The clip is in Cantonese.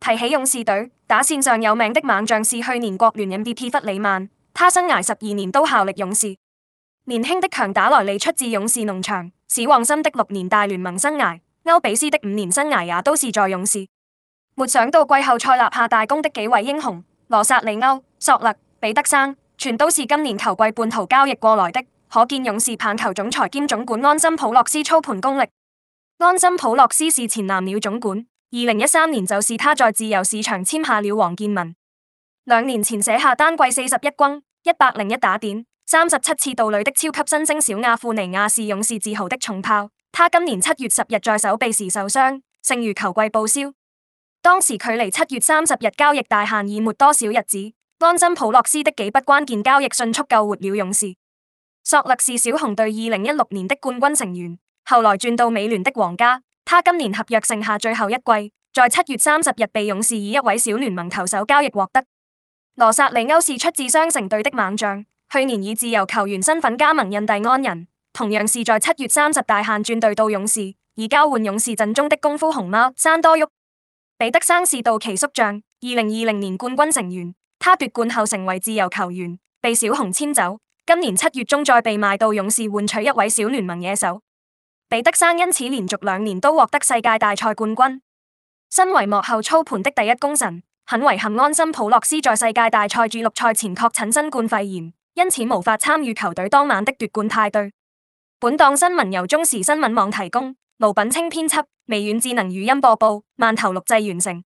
提起勇士隊，打線上有名的猛將是去年國聯 MVP 弗里曼，他生涯十二年都效力勇士。年輕的強打萊利出自勇士農場，史旺森的六年大聯盟生涯、歐比斯的五年生涯也都是在勇士。沒想到季後賽立下大功的幾位英雄，羅薩里歐、索勒、彼得森，全都是今年球季半途交易過來的，可見勇士棒球總裁兼總管安森普洛斯操盤功力。安森普洛斯是前藍鳥總管。二零一三年就是他在自由市場簽下了王建民。兩年前寫下單季四十一轟、一百零一打點、三十七次盜壘的超級新星小亞庫尼亞是勇士自豪的重炮。他今年七月十日在手臂時受傷，剩餘球季報銷。當時距離七月三十日交易大限已沒多少日子，安森普洛斯的幾筆關鍵交易迅速救活了勇士。索勒是小熊隊二零一六年的冠軍成員，後來轉到美聯的皇家。他今年合約剩下最後一季，在七月三十日被勇士以一位小聯盟球手交易獲得。羅薩里歐是出自雙城隊的猛將，去年以自由球員身份加盟印第安人，同樣是在七月三十大限轉隊到勇士，而交換勇士陣中的功夫熊貓山多喐。彼得森是道奇宿將，二零二零年冠軍成員，他奪冠後成為自由球員，被小熊簽走，今年七月中再被賣到勇士換取一位小聯盟野手。彼得山因此連續兩年都獲得世界大賽冠軍。身為幕後操盤的第一功臣，很遺憾安森普洛斯在世界大賽主陸賽前確診新冠肺炎，因此無法參與球隊當晚的奪冠派對。本檔新聞由中時新聞網提供，盧品清編輯，微軟智能語音播報，慢頭錄製完成。